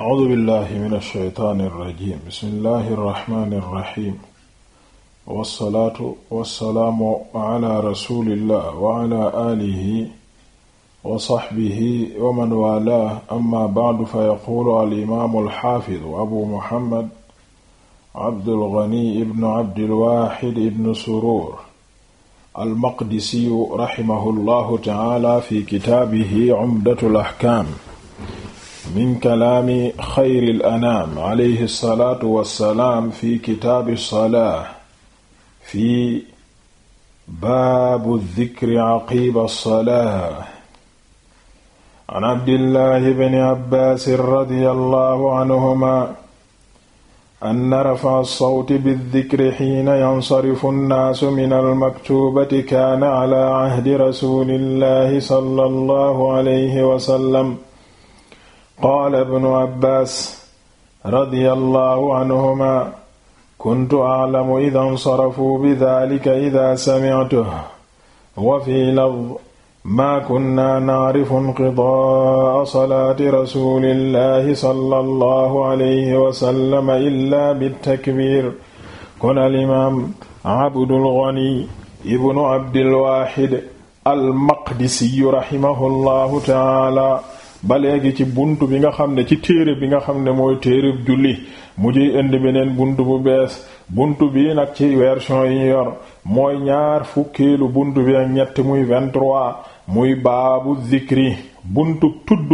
أعوذ بالله من الشيطان الرجيم بسم الله الرحمن الرحيم والصلاة والسلام على رسول الله وعلى آله وصحبه ومن والاه أما بعد فيقول الإمام الحافظ أبو محمد عبد الغني بن عبد الواحد بن سرور المقدسي رحمه الله تعالى في كتابه عمدة الأحكام min kalaami xayri l anaam alayhi salaatu wassalaam fi kitaabi salaa fi baabu dikri caqiba salaa an abdillahi bni abbaasin radiyallahu anhuma anna rafaa sawti biddikri xiina yansarifu nnaasu min almaktuubati kaana calaa cahdi rasuulillahi sallallahu alayhi wasallam qaala ibnu abbaas radiyallahu anhuma kuntu aclamu ida nsarafuu bidalika ida samictuh wa fi lafd maa kunna nacrifu nqidaa salaati rasulillahi sallallahu alayhi wasallama illa bittakbiir kon alimaam abdulghani ibnu abdilwaaxid almaqdisiyu raximahu llahu taala ba léegi ci buntu bi nga xam ne ci téere bi nga xam ne mooy téere julli mu jiy indi beneen buntu bu bees buntu bii nag ci version yi ñu yor mooy ñaar fukkeelu bunt bi ak ñett muy 23 muy baabu zikri buntu tudd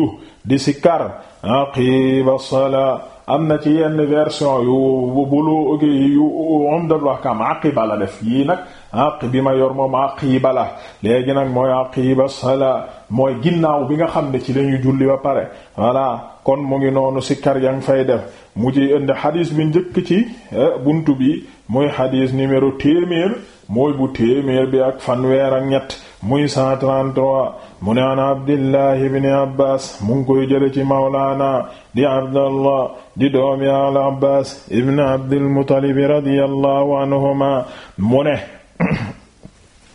di si sikar aqiba salaa am na ci yenn version yu bulu yu Umdul Ahkam aqiba la def yii nag àq bi ma yor moom aqiiba la léegi nag mooy aqiiba sala mooy ginnaaw bi nga xam ne ci lañuy julli ba pare voilà kon mu ngi noonu sikkar yang fay def mu ci indi xadis bi njëkk ci eh, bunt bi muy xadis numéro téeméer mooy bu téeméer bi ak fanweer ak ñett muy 133 mu ne an abdillah ibni abbas mu koy jële ci mawlaana di abdallah di doomi al abbas ibni abdilmutalibi radiyallahu anhuma mu ne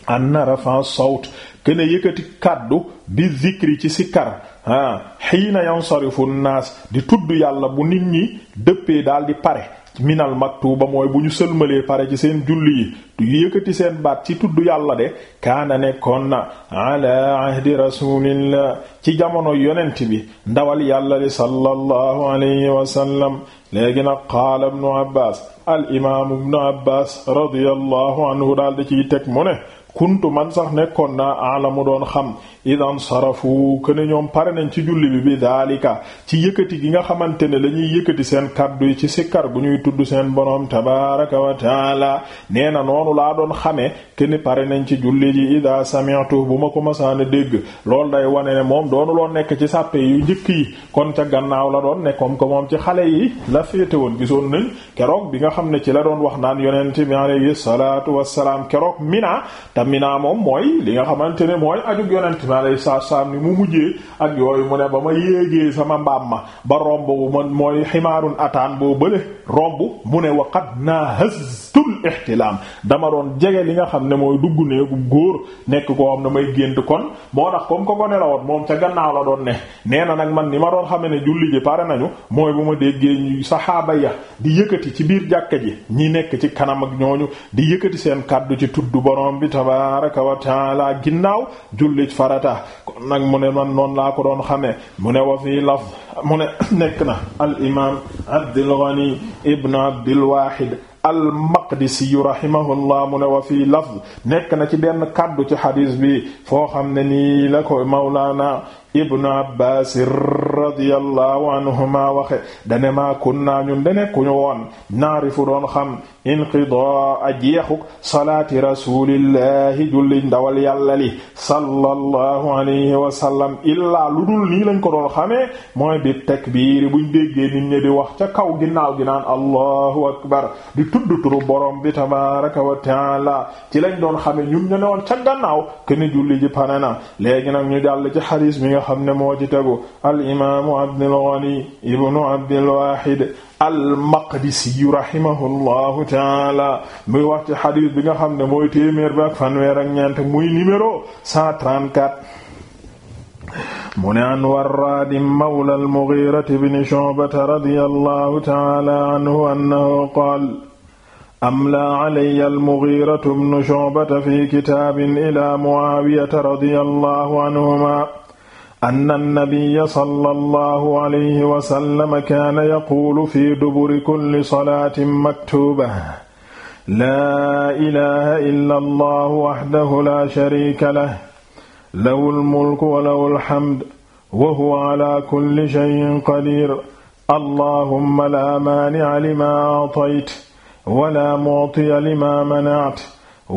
anna rafa sawt kene yëkkati kàddu bi zikri ci sikkar ah xiina yansarifu naas di tudd yàlla bu nit ñi dëppee daal di pare minal maktuba mooy bu ñu sëlmalee pare ci seen julli yi yëkkati seen baat ci tudd yàlla de kaana nekkoon na ala ahdi rasulillah ci jamono yonent bi ndawal yàlla li sallallahu alayhi wasallam léegi nag qaala ibnu abbas al imaamu ibnu abbas radiyallahu anhu daal ciy teg mu ne kuntu man sax nekkoon na alamu doon xam idan sarafu këne ñoom pare nañ ci julli bi bi daalika ci yëkkati gi nga xamante ne lañuy yëkkati seen kàddu yi ci sikkar bu ñuy tudd seen borom tabaraka wa taala nee na noonu laa doon xamee këne pare nañ ci julli ji ida sami'tu bu ma ko masaana dégg loolu day wane ne moom doonu loo nekk ci sàppe yi njëkk yi kon ca gannaaw la doon nekkoon ko moom ci xale yi la féete woon gisoon nañ keroog bi nga xam ne ci la doon wax naan yonent bi alayhi salaatu wassalaam keroog mina te Mina moom mooy li nga xamante ne mooy ajug yonent bi alayhi salaatu salaam ni mu mujjee ak yooyu mu ne ba ma yéegee sama mbaam ma ba romb bu man mooy ximaarun ataan boo bële romb mu ne waqat naa hastul ihtilaam dama doon jege li nga xam ne mooy dugg néegu góor nekk koo xam ne may gént kon moo tax comme ko ko ne la woon moom ca gannaaw la doon ne nee na nag man ni ma doon xame ne julli ji pare nañu mooy bu ma déggee saxaaba ya di yëkkati ci biir jàkka ji ñi nekk ci kanam ak ñooñu di yëkkati seen tabaaraka wa taala ginnaaw jullit farata kon nag mu ne man noonu laa ko doon xamee mu ne wa fii laf nekk na al imaam Abdul Ghani ibn Abdul Wahid al-Maqdisi mu ne wa fii nekk na ci benn kàddu ci xadiis bi foo xam ne nii la ko Mawlaana Ibnu Abbaasir radiyallahu anhuma waxe dane maa kunna ñun de nekkuñu woon naarifu doon xam inqidaa a jeexuk salaati rasulillahi julli ndawal yàlla li sallallahu alayhi wa sallam illaa lu dul nii lañ ko doon xamee mooy bi bu buñ déggee nit ñi di wax ca kaw ginnaaw gi naan allahu akbar di tudd turu borom bi tabaraka wa taala ci lañ doon xamee ñun ñu ne woon ca gannaaw na léegi nag ñu jàll ci xadiis mi nga xam ne moo ci tegu al alimaamu Abdul Ghani ibnu Abdul Wahid al-Maqdisi rahimahullahu taala muy wax ci xadiis bi nga xam ne mooy téeméer bi ak fanweer ak ñeent muy numéro 134 mu ne an warraadi mawla almughirati bni shobata radia allahu taala anhu annahu qaal amla calaya almughiratu bnu shobata fi kitaabin ila mucaawiyata radia allahu anhuma anna nabiyya sallallahu alayhi wa sallam kaana yaquulu fi duburi kulli salaatin maktuuba laa ilaha illa allahu wahdahu laa shariika lahu lahul mulku wa lahul hamdu wa huwa alaa kulli shay'in qadiir allahumma laa maani'a limaa a'tayta wa laa mu'tiya limaa mana'ta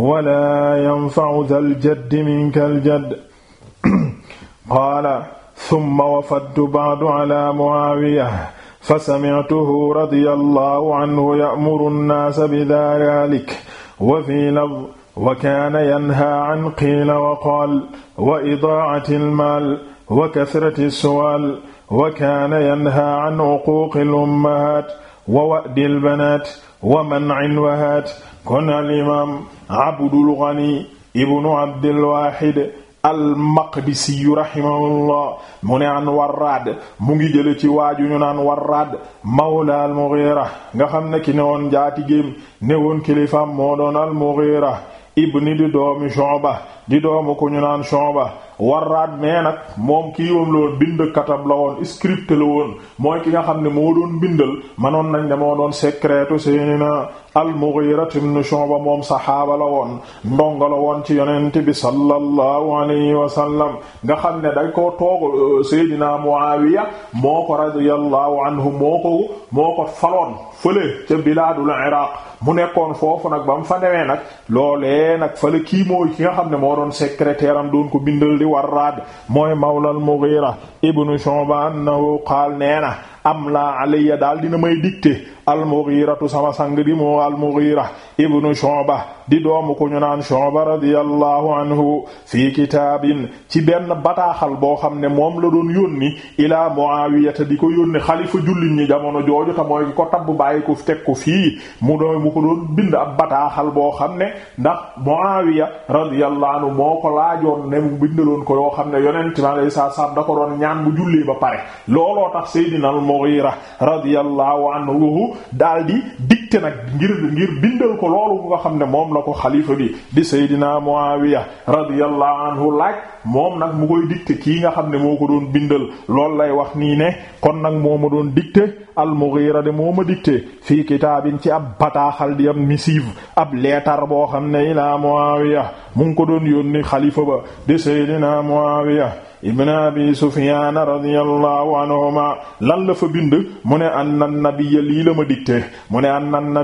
wa laa yanfa'u dhal jaddi minkal jaddi qaala summa wafadtu ba'du ala mu'aawiya fa sami'tuhu radiyallahu anhu ya'muru an-naasa bi dhaalik wa fii lafdh wa kaana yanhaa 'an qiila wa qaal wa idaa'ati al-maal wa kathrati as-su'aal wa kaana yanhaa 'an 'uquuqi al-ummahaat wa wa'di al-banaat wa man'i al-wahaat kon al-imaam Abdul Ghani ibnu Abdil Waahid al-Maqdisiyu rahimahullah mu ne an Warraad mu ngi jële ci waaju ñu naan Warraad mawla al-Mughira nga xam ne ki ne woon njaatigéem ne woon kilifaam moo doon al-Mughira ibni di doomi Shu'ba di doomu ku ñu naan Shu'ba warraat nee nag moom kii woon la woon bindkatab la woon script la mooy ki nga xam ne moo doon bindal manoon nañ ne moo doon secrétu seynina al-Mughira ibn Shu'ba moom saxaaba la woon ndongo la woon ci yonent bi sallallahu alayhi wa nga xam ne dañ koo toog euh, seydina Muawiya moo ko radiyallahu anhu moo ko moo ko faloon fële ca bilaadul Iraq mu on foofu nag ba fa newee nag loolee fële kii mooy ki nga xam ne moo doon secrétaire am doon ko bindal di Warraad mooy mawla al-Mughira ibnu Shu'ba annahu qaal nee na am laa alayya daal dina may dicté al sama sang di moo al-Mughira ibnu Shu'ba di doomu ko ñu naan Shu'ba radiyallahu anhu fii kitaabin ci benn bataaxal boo xam ne moom la doon yónni ilaa Muawiyata di ko yónni xalifa jullit ñi jamono jooju ta mooy ko tabbu bàyyi ko teg ko fii mu doon mu ko doon bind ab bataaxal boo xam ne ndax Muawiya radiyallahu anhu moo ko laajoon ne mu bindaloon ko yoo xam ne yonent ma lay sa sa da ko doon ñaan bu jullee ba pare Mughira radiyallahu anhu daal di dicté nag ngir ngir bindal ko loolu nga xam ne moom la ko xalifa bi di Seydina Muawiya radiyallahu anhu laaj moom nag mu koy dicté kii nga xam ne moo ko doon bindal lool lay wax ni ne kon nag moo ma doon dicté al-Mughira de moo ma dicté fii kitaabin ci ab bataaxal di ab missive ab leetar boo xam ne ilaa Muawiya mu ko doon yónni xalifa ba di Seydina Muawiya ibn abi sufyan radiyallahu anhuma lan la fa bind mu ne anna nabiyya lii la ma dicté mu ne anna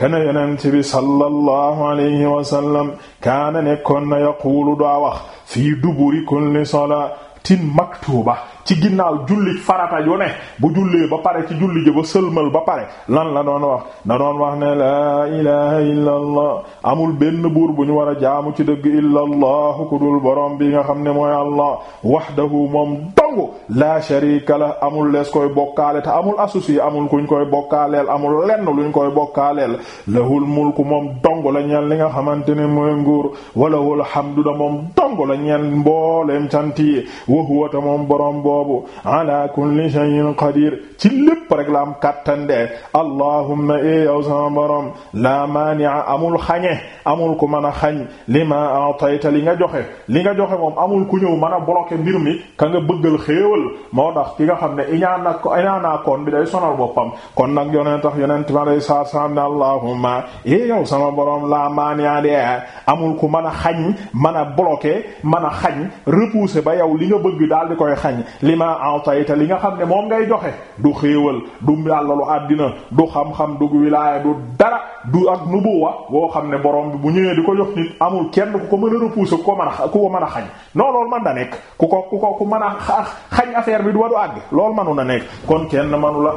kana yonent bi sallallahu alayhi wa sallam kaana nekkoon na yaquulu daa wax fii duburi kulli salaatin maktuba ci ginnaaw julli farata yu ne bu jullee ba pare ci julli ji ba sëlmal ba pare lan la doon wax da doon wax ne laa ilaha illa allah amul benn buur bu ñu war a jaamu ci dëgg illa allah ku dul boroom bi nga xam ne mooy allah wahdahu moom dongu la sharika la amul lees koy bokkaale te amul associé amul kuñ koy bokkaaleel amul lenn ñu koy bokkaaleel lahul mulku moom dong la ñeel li nga xamante ne mooy nguur walahul hamdu da moom dong la ñeel mbooleem cant yi moom borom boobu ala kulli shay'in qadir ci lépp rek la am kàttan de allahumma e yow sama borom la maani'a amul xañe amul ku mën a xañ li ma atayta li nga joxe li nga joxe moom amul ku ñëw mën a bloquer mbir mi ka nga bëggal xéewal moo tax ki nga xam ne iñaan ak iñaanaakoon bi day sonal boppam kon nag yoneen tax yonent ma day saar saam ne allahumma e yow sama borom la maani'a de amul ku mën a xañ mën a bloquer mën a xañ repousser ba yow li nga bëgg daal di koy xañ li ma a'tayta li nga xam ne moom ngay joxe du xéewal du yàlla lu àddina du xam-xam du wilaaya du dara du ak nubuwa boo xam ne borom bi bu ñëwee di ko jox nit amul kenn ku ko mën a repousser ku ko mën a ku ko mën a xañ noo loolu man da nekk ku ko ku ko ku mën a xañ affaire bi du wadu àgg loolu manu na nekk kon kenn manu la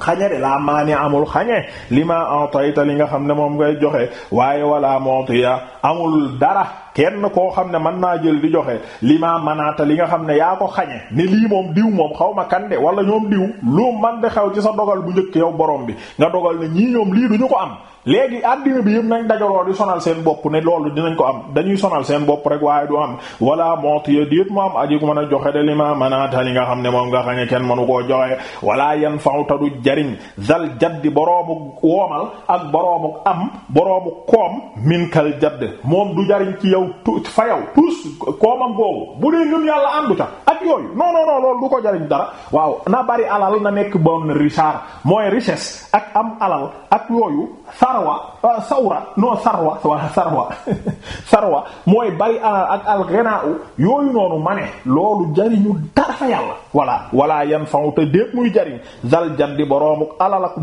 xañe de laa maani amul xañe li ma atayta li nga xam ne moom ngay joxe waaye wala motiya amul dara kenn koo xam ne mën naa jël di joxe li ma manaata li nga xam ne yaa ko xañe ne lii moom diw moom xaw ma kan de wala ñoom diw lu man de xaw ci sa dogal bu njëkk yow borom bi nga dogal ne ñii ñoom lii ñu ko am léegi àddina bi yëpp nañ dajaloo di sonal seen bopp ne loolu dinañ ko am dañuy sonal seen bopp rek waaye du am wala mootiye diit mu am aji ko mën a joxe de li ma manaata li nga xam ne moom nga xam ne kenn mënu koo joxe wala yan fawta du jariñ zal jaddi boroomu woomal ak boroomu am boroomu koom minkal jadd moom du jariñ ci yow tu fa yow tous koomam boobu bu dee ngëm yàlla àndu ca ak yooyu non non loolu du ko jariñ dara waaw na bari alal na nekk bon richard mooy richesse ak am alal sarwa euh, sawra non sarwa wa sarwa sarwa mooy bari alal euh, ak al ghina yooyu noonu ma ne loolu jariñu dara fa yàlla wala yan faw te dépp muy jariñ zal jaddi boroomuk alal ak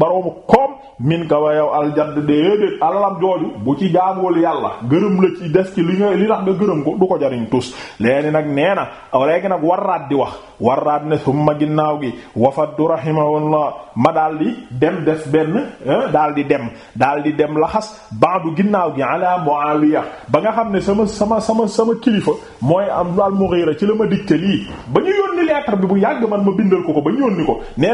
koom min ka wa yow aljadd déedéet alalam jooju bu ci jaamool yàlla gërëm la ci des ci li nga li tax nga gërëm ko du ko jariñ tus léegi nag nee na léegi nag warraat di wax warraat ne summa ginnaaw gi wafaddu rahimahullah ma daal di dem des benn eh, daal di dem daal di dem laxas baadu ginnaaw gi ala Muawiya ba nga xam ne sama sama sama sama kilifa mooy am al-Mughira ci la ma dicté lii ba ñu yónni lettre bi bu yàgg man ma bindal ko ko ba ñu yónni ko nee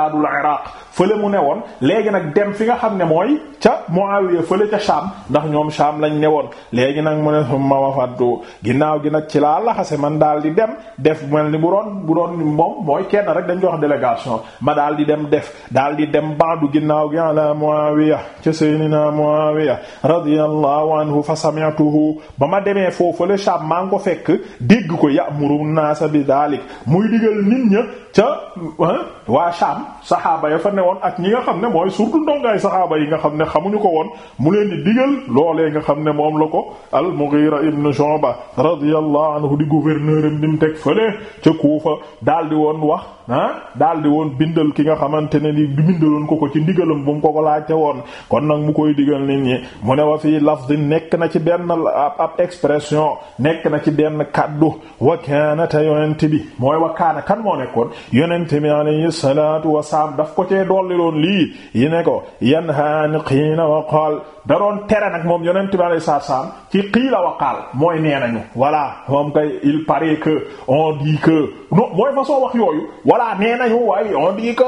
bilaadul iraq fële mu ne woon léegi nag dem fi nga xam ne mooy ca Muawiya fële ca Sham ndax ñoom Sham lañ ne woon léegi nag mu ne summa wafaddu ginnaaw gi nag ci laa laxase man daal di dem def mel ni bu doon bu doon moom mooy kenn rek dañ jox délégation ma dal di dem def daal di dem baadu ginnaaw gi ala Muawiya ca Seydina Muawiya radiyallahu anhu fa sami'tuhu ba ma demee foofu fële Sham maa ngi ko fekk dégg ko ya'muru naasa bi daalik muy digal ca waa Sham saxaaba ya fa ne woon ak ñi nga xam ne mooy surtout ndongaay saxaaba yi nga xam ne xamuñu ko woon mu leen di digal loolee nga xam ne moom la ko al-Mughira ibn Shu'ba radiyallahu anhu di gouverneur am di mu teg fële ca Kufa daal di woon wax ah daal di woon bindal ki nga xamante ne ni bindaloon ko ko ci ndigalam bu mu ko ko laajte woon kon nag mu koy digal nit ñi mu ne wa fii lafdi nekk na ci benn ab ab expression nekk na ci benn kaddu wa kaana te bi mooy wa kaana kan moo nekkoon yonent bi alayhi salaatu wasalaam daf ko cee dolli loon lii yi ne ko yanha an qiila wa qaal da doon tere nag moom yonent bi alayhi salaatu wasalaam ci qiila wa qaal mooy nee nañu voilà moom kay il paraît que on dit que non mooy façon wax yooyu voilà nee nañu waaye on dit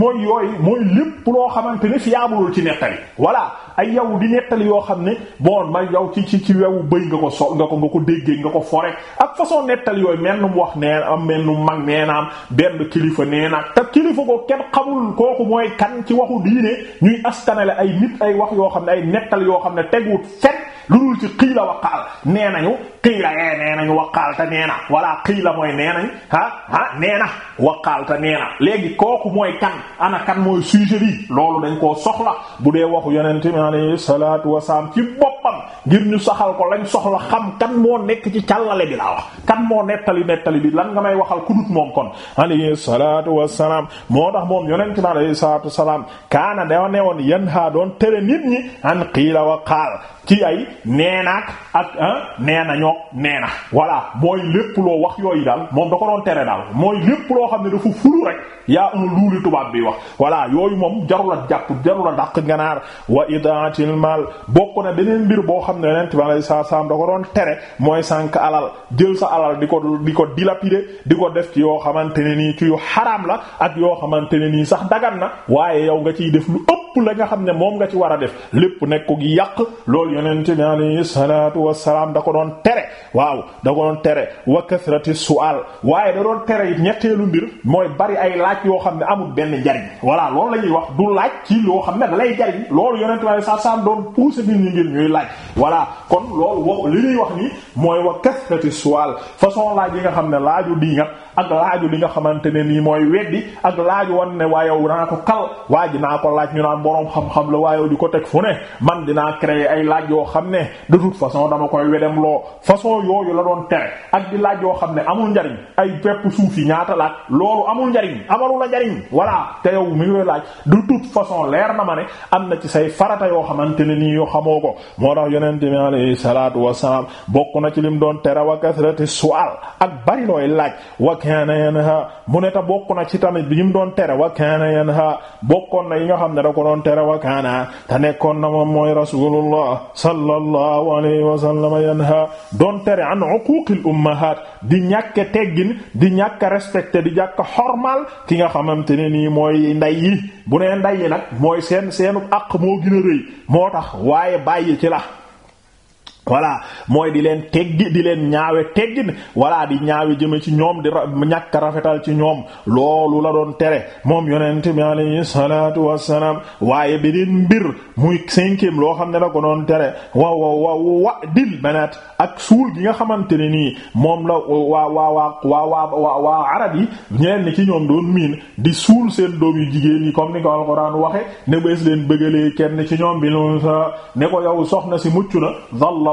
mooy yooyu mooy lépp loo xamante ni fiyaabulul ci nettali voilà ay yow di nettali yoo xam ne bon ma yow ci ci ci wewu bëy nga ko so nga ko nga ko déggee nga ko fore ak façon nettali yooyu mel nu wax nee am mel nu mag nee naam benn kilifa nee naag te kilifa ko kenn xamul kooku mooy kan ci waxu diine ñuy askanale ay nit ay wax yoo xam ne ay nettali yoo xam ne teguwut fet lu dul ci xiila waqaal nee nañu xiila ee nee nañu waqaal te nee na walla xiila mooy nee nañ ah ah na waqaal te léegi kooku mooy kan ana kan mooy sujet bi loolu dañ koo soxla bu dee waxu yonent mi alayhi salaatu wasalaam ci boppam ngir ñu saxal ko lañ soxla xam kan moo nekk ci càllale bi laa wax kan moo nettali nettali bi lan nga may waxal ku dut moom kon alayhi salaatu wasalaam moo tax moom yonent bi alayhi salaatu wasalaam kaana da ne woon yan haa doon tere nit ñi an qiila wa qaal ci ay neenaak ak ah, neena ñoo neena voilà mooy lépp loo wax yooyu daal moom da ko doon tere daal mooy lépp xam ne dafa fulu jarula jàpp jarula dàq ganaar wa ida bokk na beneen mbir boo xam ne yonent bi alayhi salaam da ko doon tere mooy sànq alal jël sa alal di ko di ko dilapider di ko def ci yoo xamante ne nii ci yu xaraam la ak yoo xamante ne nii sax dagan na waaye yow nga ciy def lu ëpp la nga xam ne moom nga ci war a def lépp nekk ko gi yàq loolu yonent bi alayhi salaatu wassalaam da ko doon tere waaw da ko doon tere wa kasrati su'al waaye da doon tere it ñetteelu mbir mooy bari ay laaj yoo xam ne amul benn njariñ voilà la yoo xam ne da lay jariñ saa saa doon pousser nit ñi ngir ñuy laaj voilà kon loolu wa li ñuy wax nii mooy wax wa kasrati suwaal façon laaj yi nga xam ne laaju nga ak laaju li nga xamante ne nii mooy weddi ak laaju wan ne waayow naa ko kal waa ji naa ko laaj ñu naan boroom xam-xam la waayow di ko teg fu ne man dinaa créer ay laaj yoo xam ne de toute façon dama koy wedem loo façon yooyu la doon tere ak di laaj yoo xam ne amul njariñ ay pepp suuf yi ñaata laaj loolu amul njariñ amalu la njariñ voilà te yow mi façon leer na ma ne am ci say farata yoo xamante ne nii yoo xamoo ko yonent bi alayhi salaatu wassalaam na ci lim doon tere wa kasrati ak bari looy laaj wa kaana yanha mu ne ta bokk na ci tamit bi ñu doon tere wa kaana yanha na yi nga xam ne da ko tere wa te nekkoon na moom mooy rasulullah sallallahu alayhi wa sallam yanha doon tere an uquuqil ummahaat di ñàkke teggin di ñàkk respecté di jàkk xormal ki nga xamante ne nii mooy nday bu nee nday yi nag mooy seen seenu àq moo gën rëy moo tax waaye bàyyi ci la voilà mooy di leen teggi di leen ñaawe teggin voilà di ñaawe jëme ci ñoom di ñàkk rafetal ci ñoom loolu la doon tere moom yonent bi alayhi salaatu wassalaam waaye beneen mbir muy cinquième loo xam ne la ko doon tere wa wa wa dil banaat ak suul gi nga xamante ne nii moom la waa waa wa waa waa waa arab yi ñenn ci ñoom doon miin di suul seen doom yu jigéen yi comme ni ko alxuraan waxe ne bés leen bëggalee kenn ci ñoom bi loon sa ne ko yow soxna si mucc na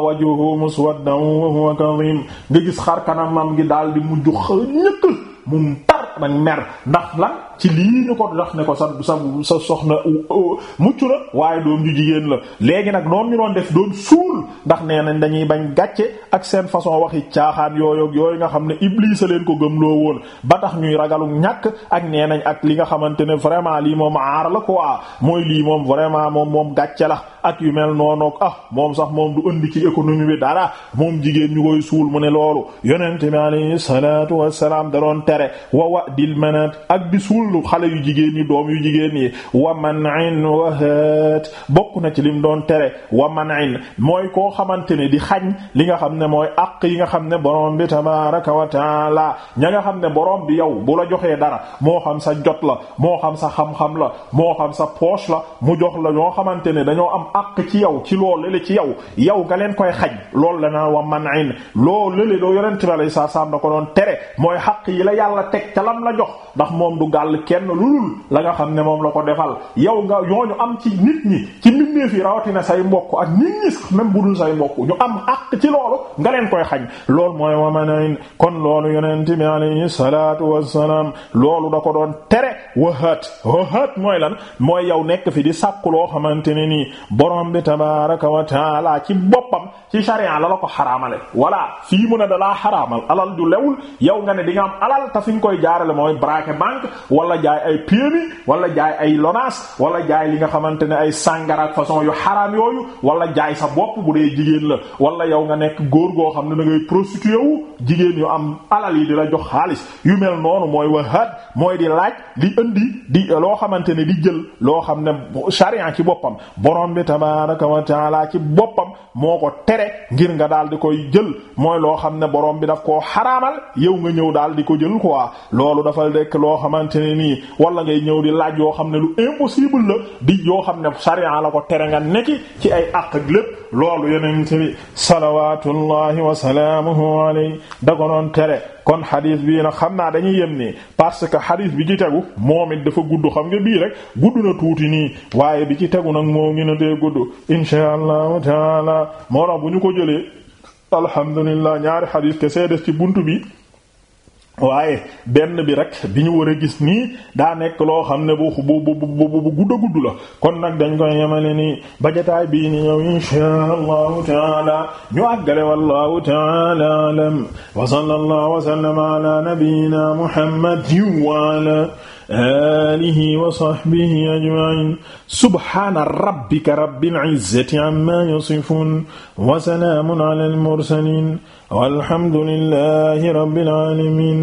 wajhuhu muswaddan wa huwa kadhim nga gis xar kanamam gi daal di mujj ñëkkal mu tar nag mer ndax la ci lii ñu ko dox ne ko sa sa sa soxna muccu la waaye doom ju jigéen la léegi nag noonu ñu doon def doon suul ndax nee nañ dañuy bañ gàcce ak seen façon waxi caaxaan yooyu yooyu nga xam ne Iblis a leen ko gëmloo woon ba tax ñuy ragalu ñàkk ak nee nañ ak li nga xamante ne vraiment lii moom aar la quoi mooy lii moom vraiment moom moom gàcce la. ak yu mel noonu ah moom sax moom du ëndi ci économie bi dara moom jigéen ñu koy suul mu ne loolu yonente bi alayhi salaatu wassalaam da doon tere wa wa dil manat ak bi suul xale yu jigéen ñi doom yu jigéen ñi wa man manin wahaat bokk na ci lim doon tere wa man manin mooy koo xamante ne di xañ li nga xam ne mooy àq yi nga xam ne borom bi tabaraka wa taala ña nga xam ne boroom bi yow bu la joxee dara moo xam sa jot la moo xam sa xam-xam la moo xam sa poche la àq ci yow ci loolu lële ci yow yow nga leen koy xaj loolu la naa wa man in loolu lële doo yonente bi alei saatu salaam da ko doon tere mooy xaq yi la yàlla teg ca lam la jox ndax moom du gàll kenn lulul la nga xam ne moom la ko defal yow nga ñooñu am ci nit ñi ci mbindeef yi rawatina say mbokk ak nit ñi même bu dul say mbokk ñu am àq ci loolu nga leen koy xaj loolu mooy wa man in kon loolu yonente bi alayhi salaatu wassalaam loolu da ko doon tere wahaat wahaat mooy lan mooy yow nekk fi di sàkku loo xamante ne nii borom bi tabaaraka wa taala ci boppam ci sharia la la ko xaraamale wala fii mu ne da laa xaraamal alal ju lewul yow nga ne dinga am alal te fi koy jaarale mooy braquer banque wala jaay ay PMI wala jaay ay LONASE wala jaay li nga xamante ne ay sangara ak façon yu xaraam yooyu wala jaay sa bopp bu dee jigéen la wala yow nga nekk góor goo xam ne da ngay prostitué wu jigéen yu am alal yi di la jox xaalis yu mel noonu mooy wahaat mooy di laaj di indi di loo xamante ne di jël loo xam ne ci boppam tabaaraka wa taala ci boppam moo ko tere ngir nga daal di koy jël mooy loo xam ne borom bi daf koo xaraamal yow nga ñëw daal di ko jël quoi loolu dafa dekk loo xamante ne nii wala ngay ñëw di laaj yoo xam ne lu impossible la di yoo xam ne sariya la ko tere nga nekki ci ay àq ak loolu yeneen bi salawaatullahi wa salaamuhu alayhi da ko doon tere kon xadis bii nag xam naa dañuy yem nii parce que xadis bi ci tegu moom it dafa gudd xam nga bii rek gudd na tuuti nii waaye bi ci tegu nag moo ngi na dee gudd insha allahu taala moo tax bu ñu ko jëlee alhamdulillah ñaari xadis kese des ci buntu bi waaye benn bi rek bi ñu war a gis nii daa nekk loo xam ne bu bu bu bu gudda gudd la kon nag dañ koy yemale nii bajataay bii ni ñëw inshaa allahu taala ñu àggale wallahu taala alam wa sallallahu wa sallama ala nabiyyina muhammadin wa ala alihi wa sahbihi ajma'in subhana rabbika rabbil izzati amma yasifun wa salamun ala al mursalin walhamdulillahi rabbil alamin